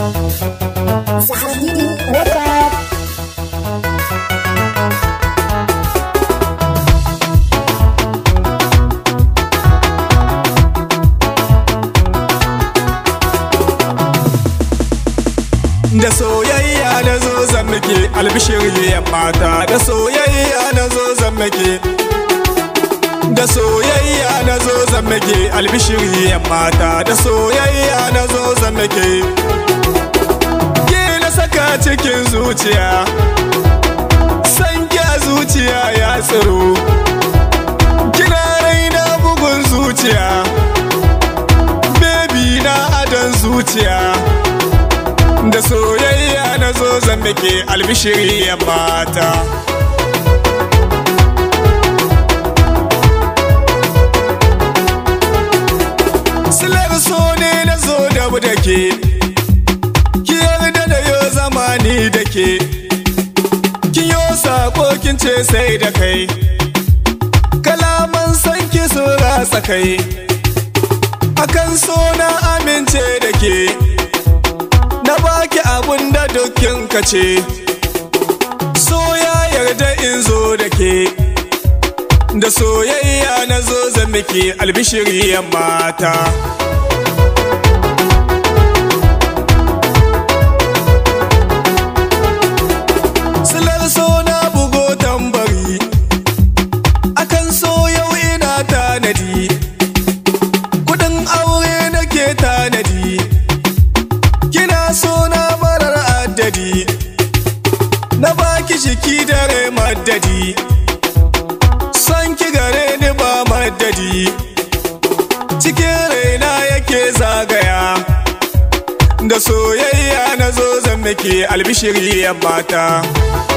Sehar Didi Record Da soyayya na zo zan nake ya mata da soyayya na zo zan nake da soyayya na zo zan albishiri mata da soyayya na zo zan ke na saka cikin zuciya san zuciya ya tsaro, kinarai na bugun zuciya bebi na adon zuciya da soyayya na zo zan albishiri mata da ki yarda da yo zamani da ke kin yo sako kin ce sai da kai kalaman san ki rasa ratsa kai akan so na amince da ke na baki abun da dukkin ka ce so ya yarda in zo da ke da soyayya na zo zan miki albishiriyar mata Sanki son gare ni ba madadi cikin raina yake zagaya da soyayya na zo zan miki albishiri ya bata